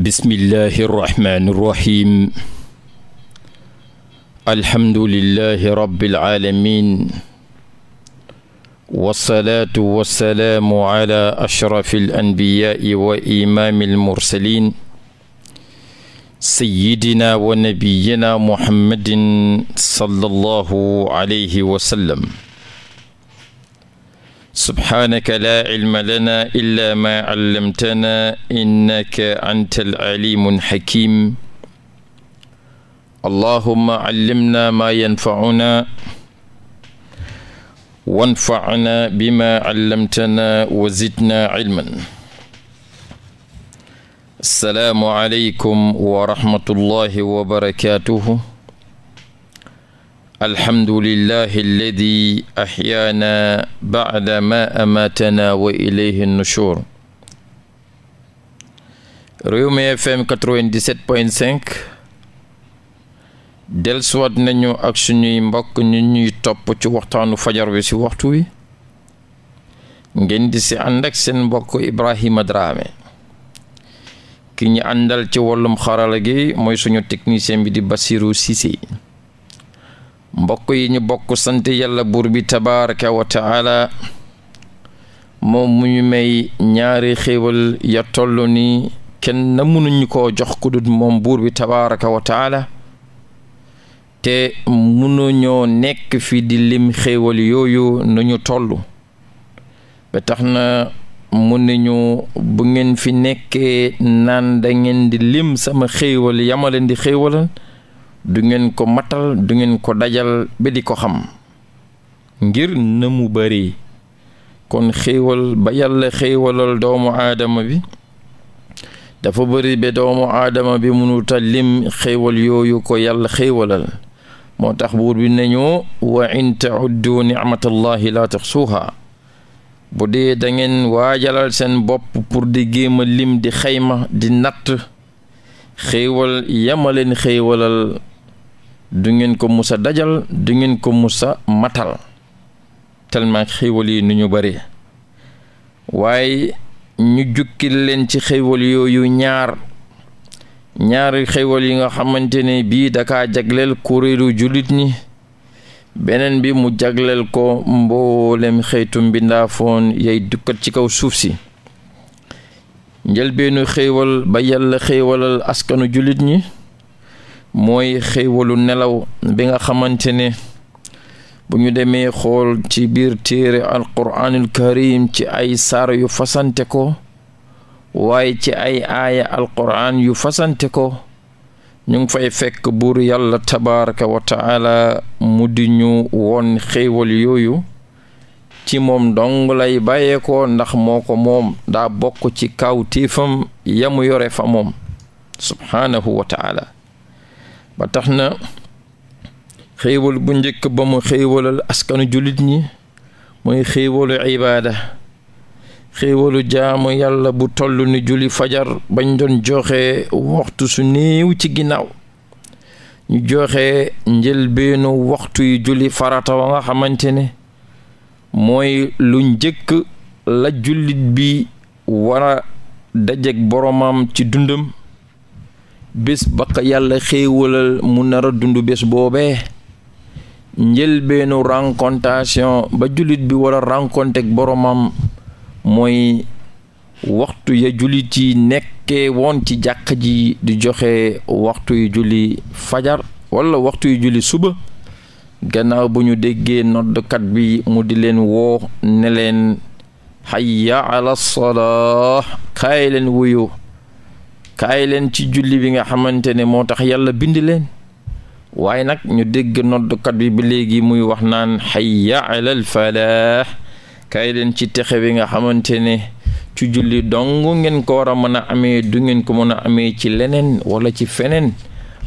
bismillahi irrahmani irrahim alhamdulilahi rabbil aalamin wasalaatu wasalaamu ala ashrafi alanbiyaai wa imaami almursalin sayidina wa nabiyina muhammadin sallallahu alayhi wa sallam subhaanaka laa cilma lanaa illaa maa callamtanaa innaka anta al-caliimu al-xakiim allahumma callimnaa maa yanfacunaa wanfacnaa bimaa callamtanaa wa zidnaa cilman asalaamu aleykum wa rahmatullaahi wa barakaatuhu alhamdulillahi alladi axyaana bacda ma amaatana wa ilayhi nushur Rewmi FM 97.5 delsuwaat nañu ak suñuy mbokk ñu ñuy topp ci waxtaanu fajar wi si waxtu wi ngeen di si ànd ak seen mbokk Ibrahima Drame ki ñu àndal ci wàllum xarala gi mooy suñu technicien bi di Basiru Cissé mbokk yi ñu bokk sant yàlla buur bi tabaraka moom muñu may ñaari xéewal ya toll ni kenn mënuñu ko jox ku moom buur bi tabaraka wa taala te mënuñoo nekk fi di lim xéewal yooyu nu ñu toll ba tax na mu ne ñu bu ngeen fi nekkee naan da ngeen di lim sama xéewal yamaleen di xéewalal du ngeen ko matal du ngeen ko dajal ba di ko xam ngir na mu bari kon xéewal ba yàlla xéewalal doomu aadama bi dafa bari ba doomu aadama bi mënuta lim xéewal yooyu ko yàlla xéewalal moo tax buur bi nañu wa in tauddu nicmatallahi laa suuxaa bu dee dangeen waajalal seen bopp pour di géem lim di xayma di natt xéewal yama xéewalal du ngeen ko musa dajal du ngeen ko musa matal tellement xéewal yi nu ñu bari waaye ñu jukkil leen ci xéewal yooyu ñaar ñaari xéewal yi nga xamante ne bii daka jagleel kuréelu jullit ñi beneen bi mu jagleel ko mboolem xeetu mbindaafoon yay dukkat ci kaw suuf si njëlbeenu xéewal ba yàlla xéewalal askanu jullit ñi mooy xéewalu nelaw bi nga xamante ne bu ñu demee xool ci biir téere alquraanul karim ci ay saar yu fasante ko waaye ci ay aaya alquraan yu fasante ko ñu ngi fay fekk buur yàlla tabaraka wa mu di ñu woon xéewal yooyu ci moom dong bàyyeekoo ndax moo ko moom daa bokk ci kaw tiifam yamu yore fa moom subhaanahu wa ba tax na xéewal bu njëkk ba mu xéewalal askanu jullit ñi mooy xéewalu ibaada xéewalu jaamu yàlla bu toll ni julli fajar bañ doon joxe waxtu su néew ci ginnaaw ñu joxe njëlbeenu waxtu yu julli farata wa nga xamante ne mooy lu njëkk la jullit bi wara a dajeek boromam ci dundam bés ba yàlla xéewalal mu nar a dund bés boobee njëlbeenu rencontation ba jullit bi war a boromam mooy waxtu ya jullit yi nekkee woon ci jàkk ji di joxe waxtu yu julli fajar wala waxtu yu julli suba gannaaw bu ñu déggee noddkat bi mu di leen woo ne leen hayya ala salaa kaay leen wuyu kaay ci julli bi nga xamante ne moo tax yàlla bind leen waaye nag ñu dégg noddkat bi ba léegi muy wax naan hayya alal falaax kaay leen ci texe bi nga xamante ne ci julli dong ngeen ko war a mën a amee du ngeen ko mën a amee ci leneen wala ci feneen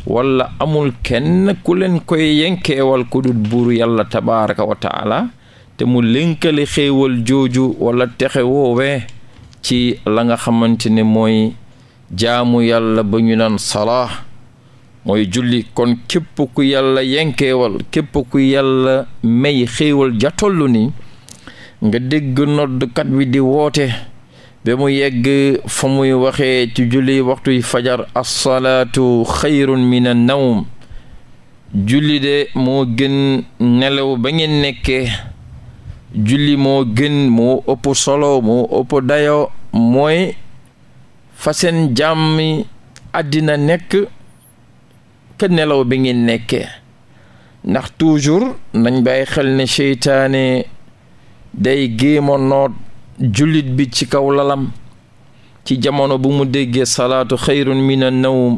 wala amul kenn ku leen koy yenkeewal ku dul buur yàlla tabaaraka wa te mu lënkale xéewal jooju walla texe woowee ci la nga xamante ne mooy jaamu yàlla ba ñu naan salaa mooy julli kon képp ku yàlla yenkeewal képp ku yàlla may xéewal ja toll ni nga dégg noddkat bi di woote ba mu yegg fa muy waxee ci julli waxtuy fajar assalaatu xayrun min an nawm julli de moo gën nelaw ba ngeen nekkee julli moo gën moo ëpp solo moo ëpp dayo mooy fa seen jàmmi àddina nekk ka nelaw bi ngeen nekkee ndax toujours nañ bàyyi xel ne seytaane day géema noot jullit bi ci kaw lalam ci jamono bu mu déggee salaatu xayrun mina nawm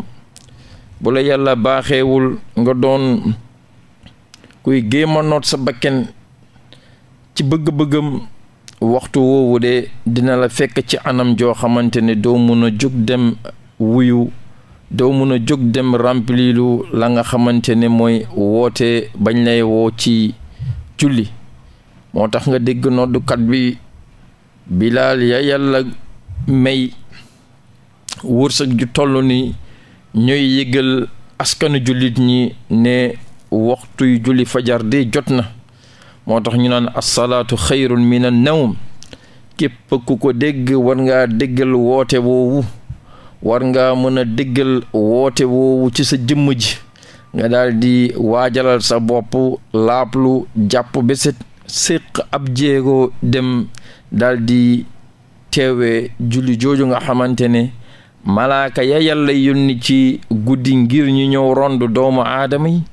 bu la yàlla baaxewul nga doon kuy géema noot sa bakken ci bëgg-bëggam waxtu woowu de dina la fekk ci anam joo xamante ne doo mun a jóg dem wuyu doo mun a jóg dem remplilu la nga xamante ne mooy woote bañ lay woo ci julli moo tax nga dégg noddukat bi bilaal ya yàlla may wërsëg ju toll ni ñooy yëgal askanu jullit ñi ne waxtuy julli fajar de jot na moo tax ñu naan asalaatu xayrun min an nawm képp ku ko dégg war ngaa déggal woote woowu war ngaa mën a déggal woote woowu ci sa jëmm ji nga daal di waajalal sa bopp laaplu jàpp bésit séq ab jéego dem daldi di teewee julli jooju nga xamante ne malaaka ya yàlla yónni ci guddi ngir ñu ñëw rond doomu aadama yi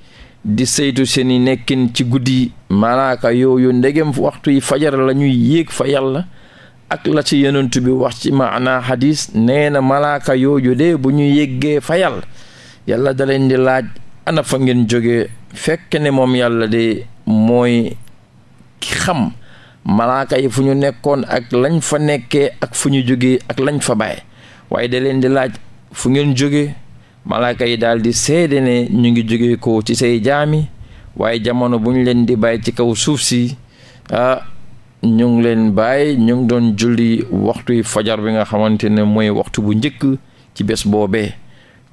di saytu seeni nekkin ci guddi malaaka yooyu ndegem waxtu yi fajar lañuy yéeg fa yàlla ak la ci yonent bi wax ci maanaa hadis nee na malaaka yooyu de bu ñuy yéggee fa yàlla yàlla da leen di laaj ana fa ngeen jóge fekk ni moom yàlla de mooy xam malaaka yi fu ñu nekkoon ak lañ fa nekkee ak fu ñu jógee ak lañ fa bàyyi waaye da leen di laaj fu ngeen jóge malaaka yi daal di seede ne ñu ngi jóge ko ci say jaami waaye jamono bu ñu leen di bàyyi ci kaw suuf si ah ñu ngi leen bàyyi ñu ngi doon julli waxtuy fajar bi nga xamante ne mooy waxtu bu njëkk ci bés boobee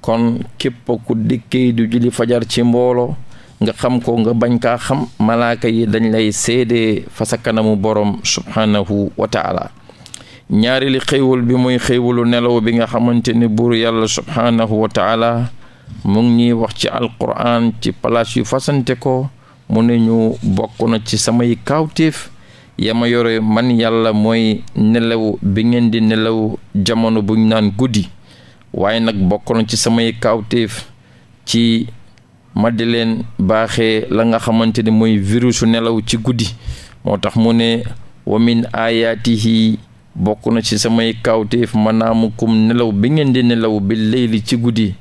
kon képp ku dikkee du julli fajar ci mbooloo nga xam ko nga bañ kaa xam malaaka yi dañ lay seede fa sa kanamu borom subhaanahu wa ñaari li xéewal bi muy xéewalu nelaw bi nga xamante ne buur yàlla subhaanahu wa taala mu ngi ñuy wax ci alquran ci palaas yu fasante ko mu ne ñu bokk na ci samay kaawteef yama yore man yàlla mooy nelaw bi ngeen di nelaw jamono buñ naan guddi waaye nag bokk na ci samay kawtéef ci ma di leen baaxee la nga xamante ne mooy virusu nelaw ci guddi moo tax mu ne wa min bokk na ci samay kawteef manaamukum nelaw bi ngeen di nelaw bi leyli ci guddi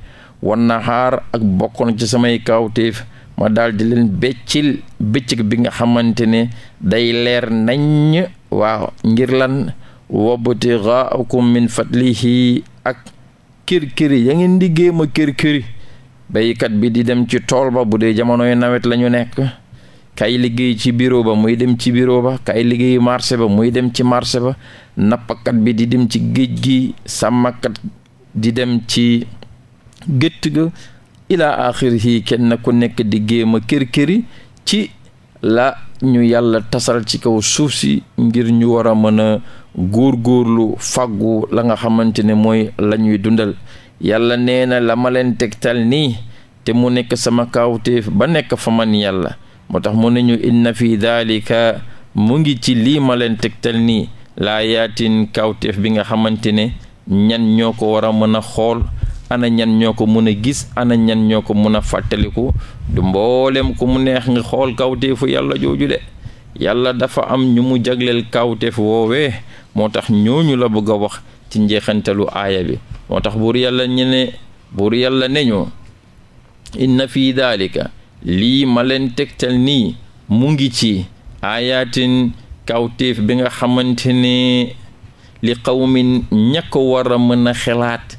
wan na xaar ak bokk na ci samay kawteef ma daldi leen béccil bëccëg bi nga xamante ne day leer naññ waaw ngir lan wabtighaakum min fadlihi ak kirkiri ya ngeen di géema a kirkiri béykat bi di dem ci tool ba bu dee jamonoy nawet lañu nekk kay liggéey ci biro ba muy dem ci bureau ba kay liggéey marché ba muy dem ci marché ba nappakat bi di dem ci géej gi sàmmkat di dem ci gétt ga ilaa yi kenn ku nekk di géem a kër ci la ñu yàlla tasal ci kaw suuf si ngir ñu war a mën a góorgóorlu faggu la nga xamante ne mooy la ñuy dundal yàlla nee na la ma leen tegtal nii te mu nekk sama kaawteef ba nekk fa man yàlla moo tax mu ne ñu inna fi daalika mu ngi ci lii ma leen tegtal nii laa yaatin kawteef bi nga xamante ne ñan ñoo ko war a mën a xool ana ñan ñoo ko mën a gis ana ñan ñoo ko mën a fàttaliku du mboolem ku mu neex nga xool kawteefu yàlla jooju de yàlla dafa am ñu mu jagleel kawteef woowee moo tax ñooñu la bëgg a wax ci njeexantalu aaya bi moo tax buur yàlla ñu ne yàlla ne ñu inna fi daalika lii ma leen tegtal nii mu ngi ci ayatin kawtéef bi nga xamante ni li qawmin ña ko war a mën a xelaat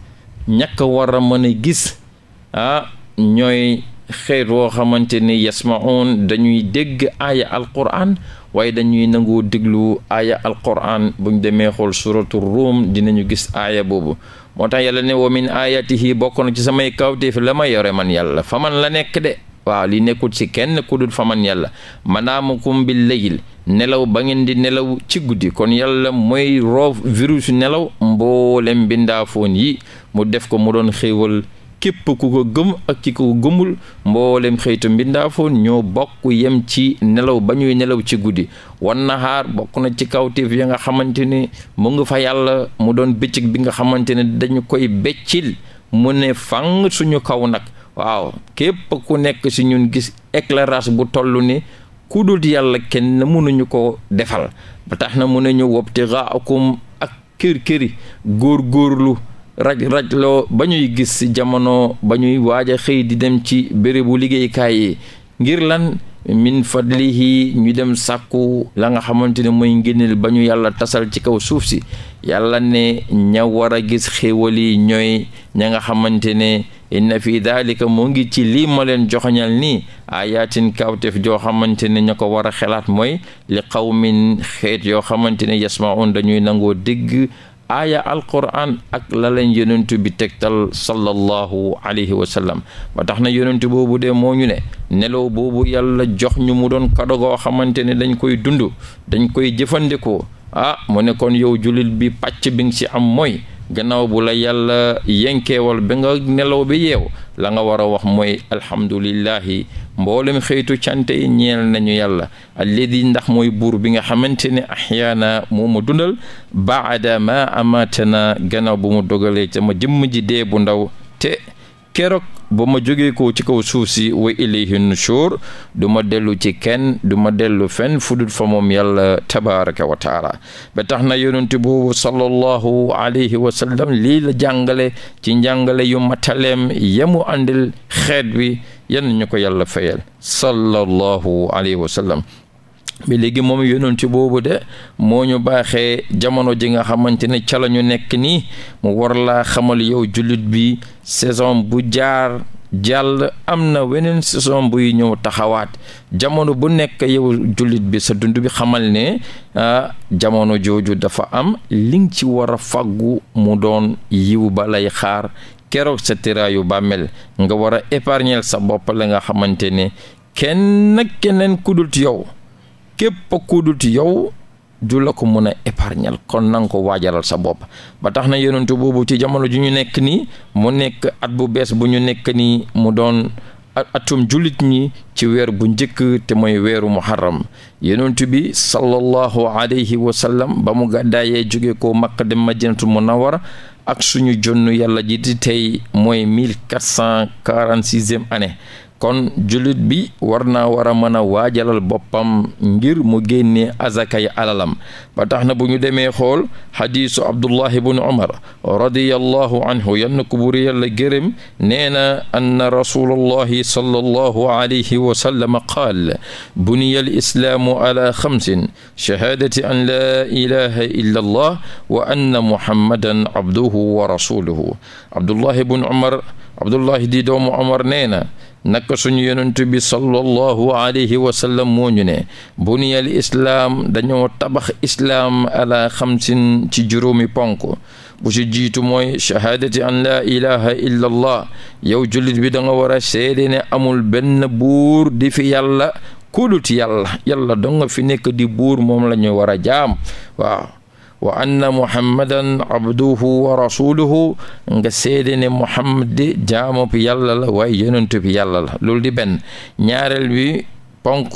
ña war a mën a gis ah ñooy xeet woo xamante ni yasmaun dañuy dégg aaya alquran waaye dañuy nangoo déglu aaya alquran buñ demee xool suratu ruum dinañu gis aaya boobu moo tax yàlla ne wa min ayatihi bokk na ci samay kawteef la ma yore man yàlla faman la nekk de waaw li nekkul ci kenn ku dul fa man yàlla manaamukum bil layl nelaw ba ngeen di nelaw ci guddi kon yàlla mooy roof virus nelaw mboolem mbindaafoon yi mu def ko mu doon xéewal képp ku ko gëm ak ki ko gëmul mboolem xëytu mbindaafoon ñoo bokk yem ci nelaw ba ñuy nelaw ci guddi wan naxaar bokk na ci kawtéef ya nga xamante ni mu nga fa yàlla mu doon bëccëg bi nga xamante ne dañu koy beccil mu ne fang suñu kaw nag waaw képp ku nekk si ñun gis éclairage bu toll ni ku dul yàlla kenn mënuñu ko defal ba tax na mu ne ñu wobti raakum ak kër këri góor góorlu raj loo ba ñuy gis ci jamono ba ñuy waaj a xëy di dem ci bérébu liggéeykaay yi ngir lan min fadlihi ñu dem sàkku la nga xamante ne mooy ngénneel ba ñu yàlla tasal ci kaw suuf si yàlla ne ña war a gis xéewal yi ñooy ña nga xamante ne inna fi daalika moo ngi ci lii ma leen joxoñal nii ayatin kawtef joo xamante ne ña ko war a xelaat mooy li qawmin xeet yoo xamante ne yasmaun dañuy nangoo dégg aaya alquran ak la leen bi tegtal sallallahu alayhi wa sallam ba tax na yonentu boobu de moo ñu ne nelaw boobu yàlla jox ñu mu doon kado goo xamante ne dañ koy dund dañ koy jëfandikoo ah mu ne kon yow jullit bi pàcc bi nga ci am mooy gannaaw bu la yàlla yenkeewal ba nga nelaw bi yeew la nga war a wax mooy alhamdulillahi mboolem xëytu cante yi ñeel nañu yàlla alladi ndax mooy buur bi nga xamante ne axyaana moo ma dundal baada ma amatana gannaaw bu mu dogalee sama jëmm ji dee bu ndaw keroog ba ma jógee ko ci kaw suuf si wa ilayhi nushur du ma dellu ci kenn du ma dellu fenn fu dul fa moom yàlla tabaraka wa taala ba tax na yonent boobu sallallahu alayhi wa sallam lii la jàngale ci njàngale yu mataleem yamu àndil xeet wi yan ñu ko yàlla fayal sallallahu alayhi wa bi léegi moom yonent boobu de moo ñu baaxee jamono ji nga xamante ne ca la ñu nekk nii mu war laa xamal yow jullit bi saison bu jaar jàll am na weneen saison buy ñëw taxawaat jamono bu nekk yow jullit bi sa dund bi xamal ne ah, jamono jooju dafa am li nga ci war a fàggu mu doon yiw ba lay xaar keroog sa tiraayu bàmmeel nga war a épargner sa bopp la nga xamante ne kenn keneen ku dul yow. képp ku dut yow du la ko mën a épargnal kon na ko waajalal sa bopp ba tax na yonentu boobu ci jamono ju ñu nekk nii mu nekk at bu bees bu ñu nekk nii mu doon atum jullit ñi ci weer bu njëkk te mooy weeru muharram yonentu bi sallallahu alayhi wa sallam ba mu gàddaayee jóge ko Makka dem Madinatul Munawwara ak suñu jonn yàlla ji di tey mooy mille quatre cent quarante sixième année kon jullit bi war naa war a mën a waajalal boppam ngir mu génnee azakay alalam ba tax na bu ñu demee xool xadiisu abdullah ibn umar radiallahu anhu yann ko buri yàlla gërëm nee na anna rasulullahi sallallahu alayhi wa sallam qaal buniya al islaamu ala xamsin shahaadati an laa ilaha illa allah wa anna muhammadan abduhu wa rasuluhu abdullah ibn umar abdullahi di doomu umar nee na naka suñu yonent bi sallallahu alayhi wa sallam moo ñu ne buniyal islaam dañoo tabax islaam ala xamsin ci juróomi ponk bu ci jiitu mooy shahaadati an laa ilaha illa allah yow jullit bi da nga war a seede ne amul benn buur difi fi yàlla kulut yàlla yàlla dong fi nekk di buur moom la ñu war a jaam waaw wa anna muhammadan abduhu wa rasuluhu nga seede ne muhammad di jaamu bi yàlla la waaye yonentu bi yàlla la loolu di benn ñaareel bi ponk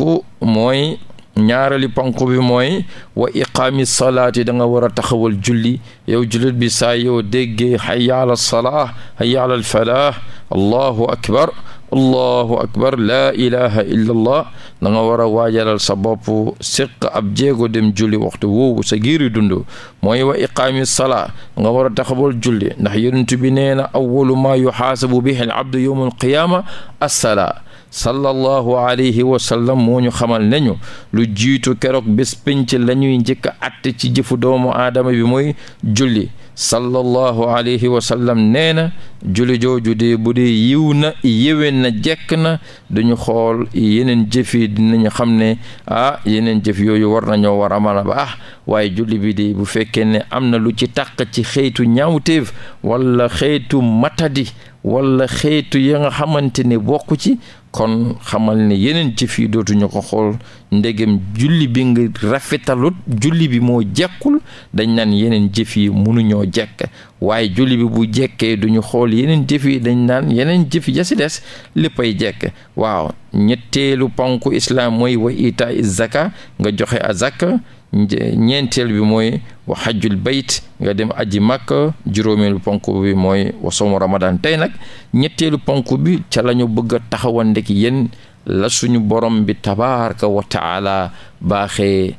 bi mooy wa iqaami salaati da nga war a taxawal julli yow jullit bi saa yow déggee hayya ala salaah hayya ala al falaah allahu akbar allahu akbar laa ilaha illa allah da nga war a waajalal sa bopp séq ab jéego dem julli waxtu woowu sa giiri dund mooy wa iqaami salaa nga war a taxawal julli ndax yonent bi nee na awalu maa yuxaasabu bihi al abdu yowma alqiyaama assalaa sallallahu alayhi wa moo ñu xamal nañu lu jiitu keroog bés pénc la ñuy njëkk a àtte ci jëfu doomu aadama bi mooy julli sallallahu alayhi wasallam nee na julli jooju di bu di yiw na yéwén na jekk na duñu xool yeneen jëf yi dinañu xam ne ah yeneen jëf yooyu war nañoo war amal ba ah waaye julli bi di bu fekkee ne am na lu ci tàq ci xeetu ñaawteef wala xeetu matadi walla xeetu ya nga xamante ne bokku ci kon xamal ne yeneen jëf dootuñu ko xool ndegem julli bi nga rafetalut julli bi moo jekkul dañ naan yeneen jëf mënuñoo jekk waaye julli bi bu jekkee duñu xool yeneen jëf yi dañ naan yeneen jëf ya si des léppay jekk waaw ñetteelu ponku islaam mooy wa ita zaka nga joxe azaka ñeenteel bi mooy wa xajjul bayt nga dem aji màkka juróomeelu ponk bi mooy wa soomu ramadan tey nag ñetteelu ponk bi ca la bëgg a taxawandek yéen la suñu borom bi tabaraka wa taala baaxe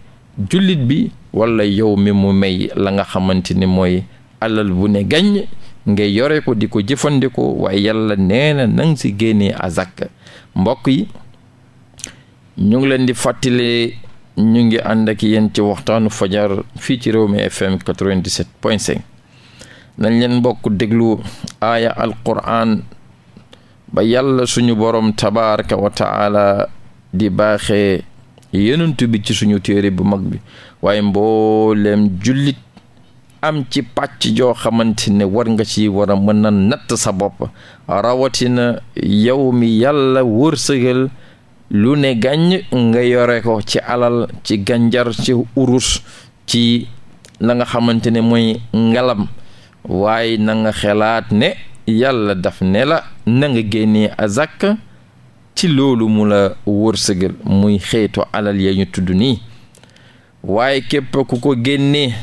jullit bi walla yow mi mu may la nga xamante ni mooy alal bu ne gaññ ngay yore ko di ko jëfandikoo waaye yàlla nee na nang si génnee azak mbokk yi ñu ngi ànd ak ci waxtaanu fajar fii ci réew mi fm 97.5 nañ leen bokk déglu aaya alquran ba yàlla suñu borom tabaraka wa taala di baaxe yenentu bi ci suñu téere bu mag bi waaye mbooleem jullit am ci pàcc joo xamante ne war nga ci war a mën a natt sa bopp rawatina yow mi yàlla wërsëgal lu ne gàññ nga yore ko ci alal ci gànjar ci urus ci la nga xamante ne mooy ngalam waaye na nga xelaat ne yàlla daf ne la na nga génnee azak ci loolu mu la wërsëgal muy xeetu alal ya ñu tudd nii waaye képp ku ko génnee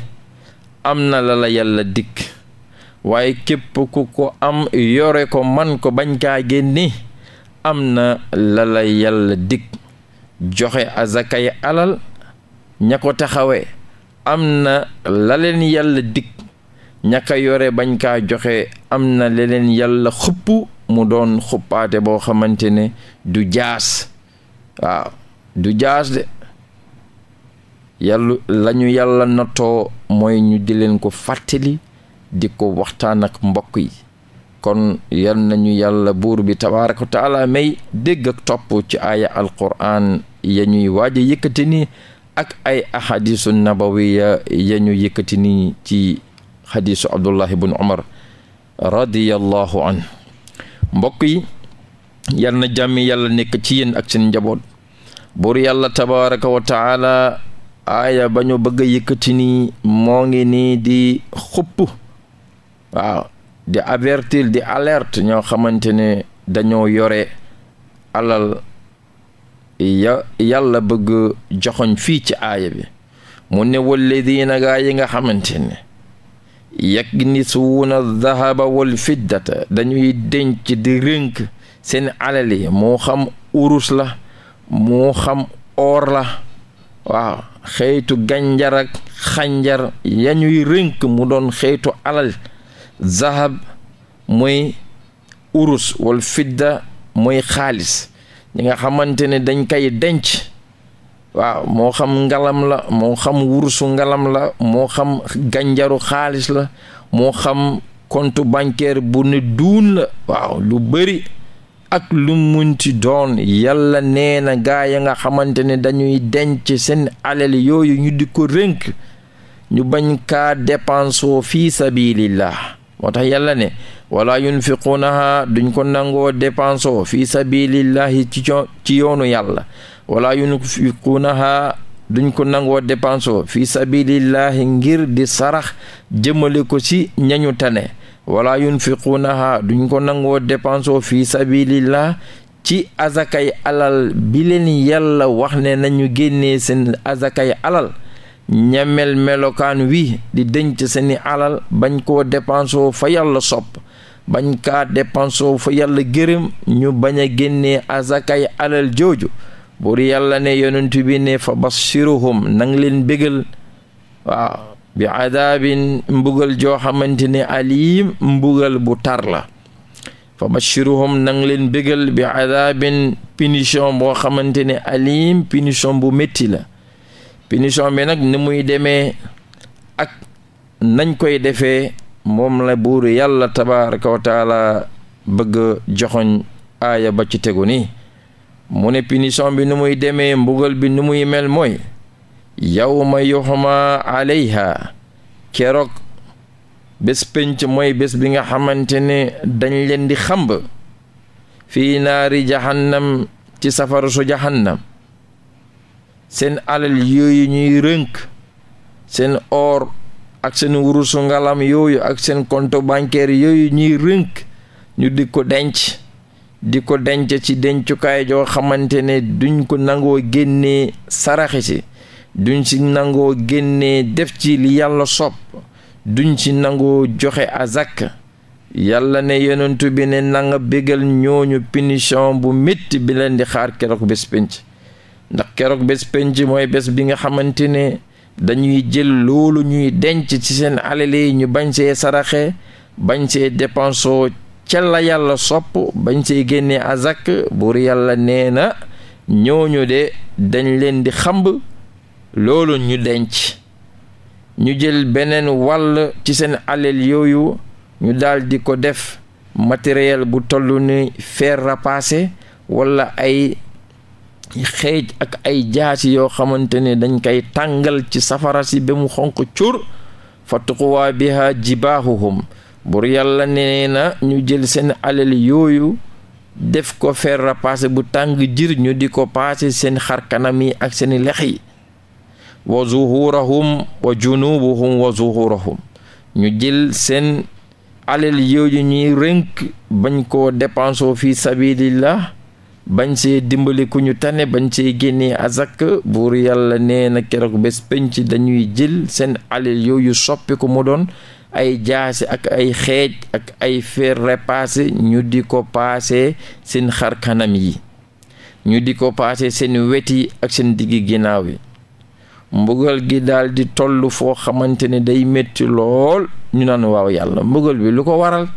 am na la la yàlla dikk waaye képp ku ko am yore ko man ko bañ kaa génnee am na la la yàlla dig joxe azakay alal ña ko taxawee am na la leen yàlla dig ña ko yore bañ kaa joxe am na la leen yàlla xupp mu doon xuppaate boo xamante ne du jaas waaw du jaas de yàlla la yàlla nottoo mooy ñu di leen ko fàttali di ko waxtaan ak mbokk yi kon yal nañu yàlla buur bi tabaaraka wa taala may dégg ak topp ci aaya alquran ya ñuy waaj ni ak ay ahadisu nabawiya ya ñu yëkkati ni ci xadisu abdullahi bun umar radiyallahu an mbokk yi yal na jàmmi yàlla nekk ci yenn ak seen njaboot buur yàlla tabaaraka wa taala aaya bañu bëgg a yëkkati ni moo ngi nii di xupp di avertir di alerte ñoo xamante ne dañoo yore alal ya yàlla bëgg joxoñ fii ci aaya bi mu ne walladina gaa yi nga xamante ne yaknisuuna dahaba wal fiddata dañuy denc di rënk seen alali moo xam urus la moo xam or la waaw xëytu gànjar ak xànjar ya ñuy rënk mu doon xeetu alal zahab muy urus wal fidda muy xaalis ñi nga xamante ne dañ koy denc waaw moo xam ngalam la moo xam wurusu ngalam la moo xam gànjaru xaalis la moo xam compte bancaire bu ne duun la waaw lu bari ak lu munti doon yàlla nee na gaa ya nga xamante ne dañuy denc seen alal yooyu ñu di ko rënk ñu bañ kaa dépensoo fii sabilillah moo tax yàlla ne wala yunfiquunaha duñ ko nangoo dépense o fii sabilillahi ci ci yoonu yàlla wala yunfiquunaha duñ ko nangoo dépense o fii sabilillahi ngir di sarax jëmale ko ci ñañu tane wala yunfiquunaha duñ ko nangoo dépense o fii sabilillah ci azakay alal bi yàlla wax ne nañu génnee seen azakay alal ñamel melokaan wi di denc seni alal bañ koo dépensoo fa yàlla sopp bañ kaa dépensoo fa yàlla gërëm ñu bañ a génnee azakay alal jooju buur yàlla ne yonent bi ne fa bassiruhum nang leen bégal waaw bi adaabin mbugal joo xamante ne aliim mbugal bu tar la fa bashiruhum nang leen bégal bi adaabin punition boo xamante ne aliim punition bu métti la punition bi nag ni muy demee ak nañ koy defee moom la buur yàlla tabaraka wa bëgg joxoñ aaya ba ci tegu ni mu ne punition bi ni muy demee mbugal bi ni muy mel mooy yawma yuxma alayha keroog bés penc mooy bés bi nga xamante ne dañ leen di xamb fii naari jahannam ci safaru su jahannam seen alal yooyu ñuy rënk seen or ak seen wurusu ngalam yooyu ak seen compte bancaire yooyu ñuy rënk ñu di ko denc di ko denc ci dencukaay joo xamante ne duñ ko nangoo génnee saraxe si duñ ci nangoo génnee def ci li yàlla sopp duñ ci nangoo joxe azak yàlla ne yonentu bi ne nanga bégal ñooñu punition bu metti bi leen di xaar keroog bés pénc ndax keroog bés penc mooy bés bi nga xamante ne dañuy jël loolu ñuy denc ci seen alal yi ñu bañ see saraxe bañ see dépensoo ca yàlla sopp bañ see génnee azak buur yàlla nee na ñooñu de dañ leen di xamb loolu ñu denc ñu jël beneen wàll ci seen alal yooyu ñu daldi ko def matériel bu toll ni fer rapace walla ay xeej ak ay jaasi yoo xamante ne dañ koy tàngal ci safara si ba mu xonq cur fatquwaa biha jibaahuhum bur yàlla nee na ñu jël seen alal yooyu def ko fer rapaase bu tàng jir ñu di ko paase seen xarkanam yi ak seen lex yi wa zuhurahum wa junubuhum wa zuhurahum ñu jël seen alal yooyu ñuy rënk bañ koo dépensoo fi sabilillah bañ see dimbali ku ñu tane bañ see génnee azak buur yàlla nee na keroog bés penc dañuy jël seen alal yooyu soppi ko mu doon ay jaasi ak ay xeej ak ay fer repassé ñu di ko paase seen xar kanam yi ñu di ko paase seen wet yi ak seen diggi ginnaaw yi mbugal gi daldi di toll foo xamante ne day metti lool ñu naan waaw yàlla mbugal bi lu ko waral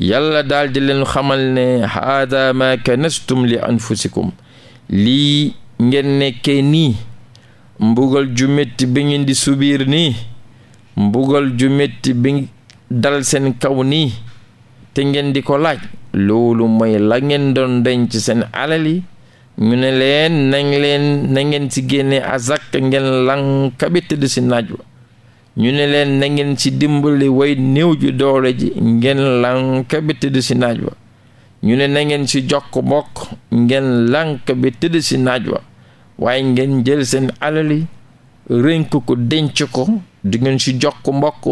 yàlla daal leen xamal ne haada ma li anfusikum lii ngeen nekkee nii mbugal ju métti bi ngeen di subiir nii mbugal ju metti bi dal seen kaw nii te ngeen di ko laaj loolu mooy la ngeen doon denc seen alal yi ne leen nañ na ngeen ci génne azak ngeen lanka bi tëdd si naaj wa ñu ne leen na ngeen ci dimbali way néew ju doole ji ngeen lànk bi tëdd ci naaj wa ñu ne na ngeen ci jokk mbokk ngeen lank bi tëdd ci naaj wa waaye ngeen jël seen alali rénk ko denc ko du ngeen ci jokk mbokk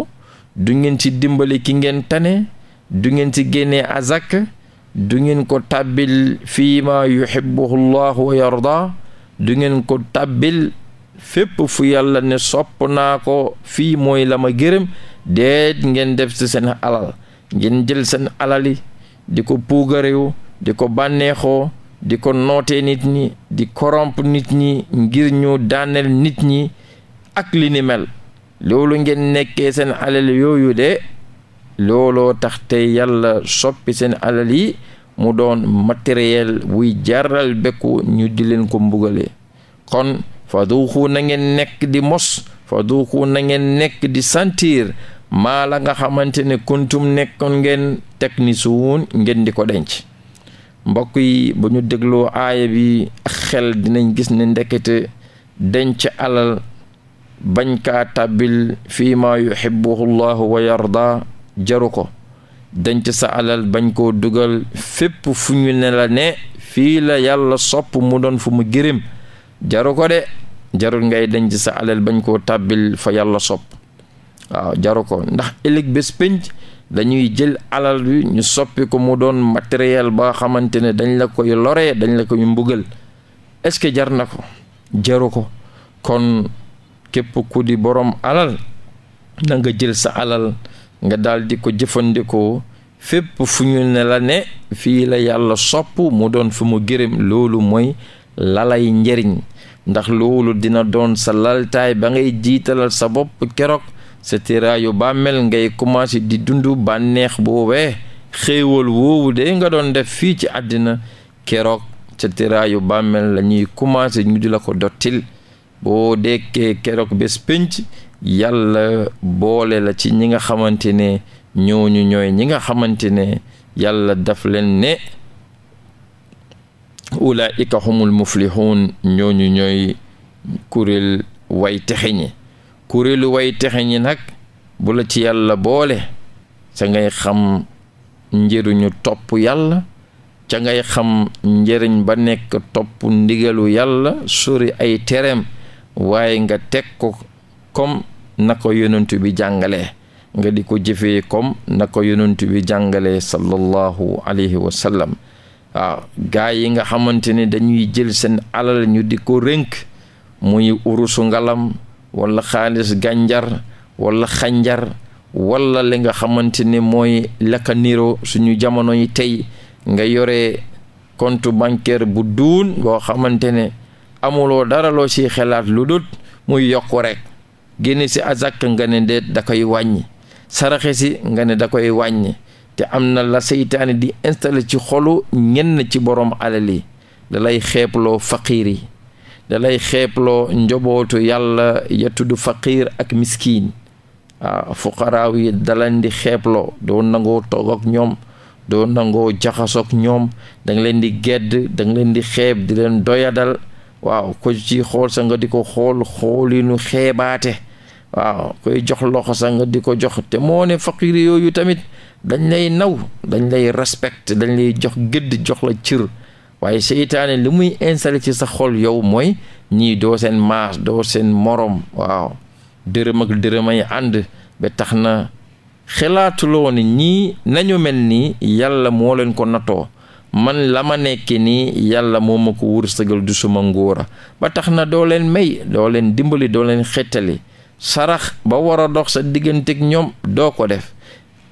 du ngeen ci dimbali ki ngeen tane du ngeen ci génnee azak du ngeen ko tàbbil fii ma yuhibbuhu llahu wa yarda du ngeen ko tàbbil fépp fu yàlla ne sopp naa ko fi mooy lama ma gërëm déet ngeen def ci seen alal ngeen jël seen alali di ko puugarewu di ko bànneexoo di ko nootee nit ñi di koromp nit ñi ngir ñu daaneel nit ñi ak li ni mel loolu ngeen nekkee seen alal yooyu de looloo tax te yàlla soppi seen alal yi mu doon matériel wuy jaral bekku ñu di leen ko mbugalee kon fa duuxu na ngeen nekk di mos fa duuxu na ngeen nekk di sentir maa la nga xamante ne kuntum nekkoon ngeen teknisuun ngeen di ko denc mbokk yi bu ñu dégloo aaya bi xel dinañ gis ne ndekete denc alal bañ kaa tàbbil fii maa yuhibbuhu llahu wa yarda jaru ko denc sa alal bañ koo dugal fépp fu ne la ne fii la yàlla sopp mu doon fu mu gërëm jaru de jarul ngay denc sa alal bañ koo tàbbil fa yàlla sopp waaw jaru ko ndax ëllëg bés pénc dañuy jël alal bi ñu soppi ko mu doon matériel ba xamante ne dañ la koy lore dañ la koy mbugal est-ce que jar na ko jaru ko kon képp ku di borom alal na nga jël sa alal nga daldi ko jëfandikoo fépp fu ñu ne la ne fii la yàlla sopp mu doon fu mu gërëm loolu mooy lalay njëriñ ndax loolu dina doon sa laltaay ba ngay jiitalal sa bopp keroog sa tiraayu bàmmeel ngay commencé di dund bànneex boobee xéewal woowu de nga doon def fii ci àddina keroog sa tiraayu bàmmeel la ñuy commencé ñu di la ko dottil boo dekkee keroog bés pénc yàlla boole la ci ñi nga xamante ne ñooñu ñooy ñi nga xamante ne yàlla daf leen ne ulaika humul muflihun ñooñu ñooy kuréel way texe ñi kuréelu way texe ñi nag bu la ci yàlla boole ca ngay xam njëriñu topp yàlla ca ngay xam njëriñ ba nekk topp ndigalu yàlla sori ay tereem waaye nga teg ko comme na ko yonent bi jàngalee nga di ko jëfee comme na ko yonent bi jàngalee sallallahu alayhi waaw gaa yi nga xamante ni dañuy jël seen alal ñu di ko rënk muy urusu ngalam walla xaalis gànjar walla xànjar walla li nga xamante ni mooy laka niro suñu jamono yi tey nga yore compte bancaire bu duun boo xamante ne amuloo dara loo ci xelaat lu dut muy yokku rek génne si azak nga ne de da koy wàññi saraxe si nga ne da koy wàññi te am na la seytaane di installé ci xolu ñenn ci borom alal yi dalay xeeploo faqiir yi dalay xeeploo njabootu yàlla ya tudd faqiir ak miskiin waaw ah, fuqaraaw yi dalan di xeebloo doo nangoo toog ak ñoom doo nangoo jaxasoog ñoom danga leen di gedd danga leen di xeeb di leen doyadal waaw ko ci xool sa nga di ko xool xoolinu xeebaate waaw koy jox loxo sa nga di ko jox te moo ne faqiir yooyu tamit dañ lay naw dañ lay respect dañ lay jox gëdd jox la cër waaye seytaane li muy installé ci sa xol yow mooy ñii doo seen maas doo seen moroom waaw dërëm ak dërëm ay ànd ba tax na xelaatuloo ne ñii nañu mel nii yàlla moo leen ko natoo man la ma nekk nii yàlla moo ma ko wërsëgal du suma ngóora ba tax na doo leen may doo leen dimbali doo leen xettali sarax ba war a dox sa diggante ak ñoom doo ko def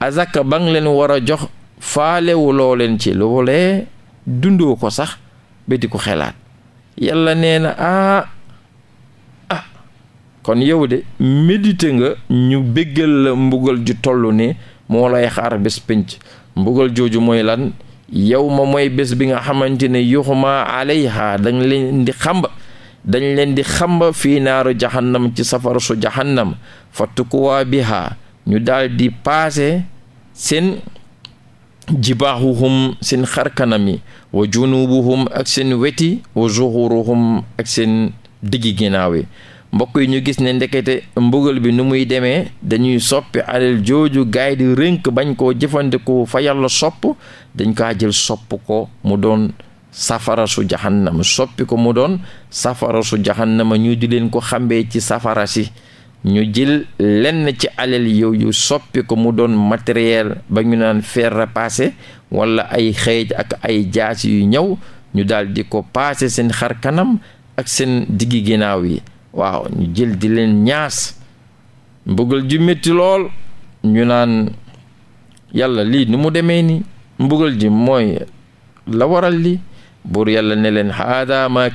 azaka ba leen war a jox faalewuloo leen ci loolee dundoo ko sax ba di ko xelaat yàlla nee na ah ah kon yow de médité nga ñu béggal la mbugal ju toll ni moo lay xaar bés pénc mbugal jooju mooy lan yow ma mooy bés bi nga xamante ne yuxuma alayha dañ leen di xamba dañ leen di xamba fii naaru jahannam ci safara su jahannam fa tukuwaa biha ñu daldi paase seen jibaahuhum seen xarkanam yi wa junubuhum ak seen weti wa zuhuruhum ak seen diggi ginnaaw yi mbokk yi ñu gis ne ndekete mbugal bi nu muy demee dañuy soppi alal jooju gaay di rënk bañ koo jëfandikoo fa yàlla sopp dañ kaa jël sopp ko mu doon safara su jahannama soppi ko mu doon safara su jahannama ñu di leen ko xambee ci safara si ñu jil lenn ci alal yooyu soppi ko mu doon matériel ba ñu naan fer repassé wala ay xeej ak ay jaas yu ñëw ñu daldi ko paase seen xar kanam ak seen digg ginnaaw yi waaw ñu jël di leen ñaas mbugal ju métti lool ñu naan yàlla lii nu mu demee ni mbugal ji mooy la waral li buur yàlla ne leen haada ma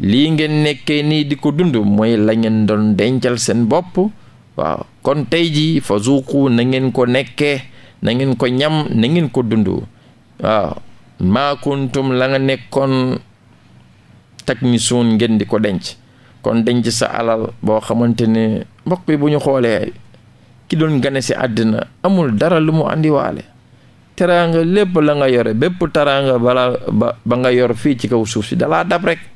lii ngeen nekkee nii di ko dund mooy la ngeen doon dencal seen bopp waaw kon tey ji fa zuuqu na ngeen ko nekkee na ngeen ko ñam na ngeen ko dund waaw maa kuntum la nga nekkoon tak ni suun ngeen di ko denc kon denc sa alal boo xamante ne mbokk bi bu ñu xoolee ki doon gane si àddina amul dara lu mu àndiwaale teraanga lépp la nga yore bépp teraanga bala ba ba nga yor fii ci kaw suuf si dalaa dab rek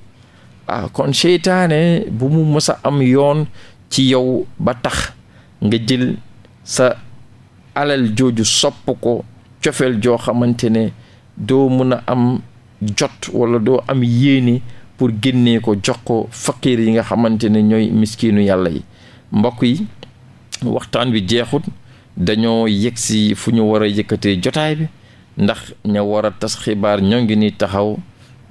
waaw ah, kon seytaane bu mu mës a am yoon ci yow ba tax nga jël sa alal jooju sopp ko cofeel joo xamante ne doo mën a am jot wala doo am yéene pour génnee ko jox ko faqiir yi nga xamante ne ñooy miskiinu yàlla yi mbokk yi waxtaan bi jeexut dañoo yëg si fu ñu war a yëkkatee jotaay bi ndax ña war a tas xibaar ñoo ngi ni taxaw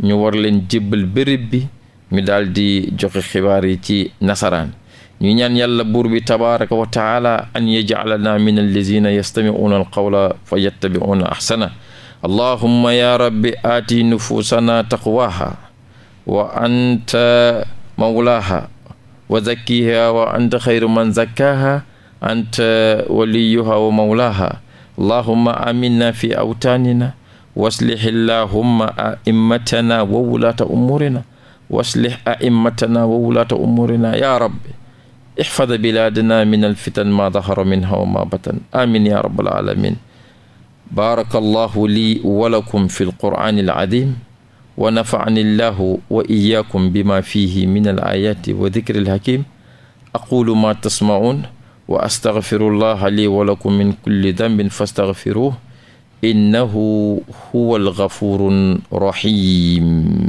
ñu war leen jébbal béréb bi mi daal di joxe xibaar yi ci nasaraan ñu ñaan yàlla buur bi tabaraka wa taala an yajalana min allazina yastamiuuna alqawla fa yattabiuuna ahsana allahumma ya rabbi aati nufuusana taqwaha wa anta mawlaha wa zakkiha wa anta xayru man zakkaha anta waliyuha wa mawlaha allahumma aminna fi awtaanina waslih allahumma aimmatana wa wulaata umurina waslih aimmatana wa wulaata umuurina yaa rabbi ixfada bilaadana min alfitan maa dahara minha wa maa batan amin ya rabbal alamin baaraka allahu lii wa lakum fi alqur'ani aladim wa nafacani allahu wa iyaakum bima fihi min alayaati wa dikri alhakim aqulu maa tasmacuun wa astagfirullaha lii wa lakum min kulli dambin fastagfiruh innahu huwa algafuuru rahim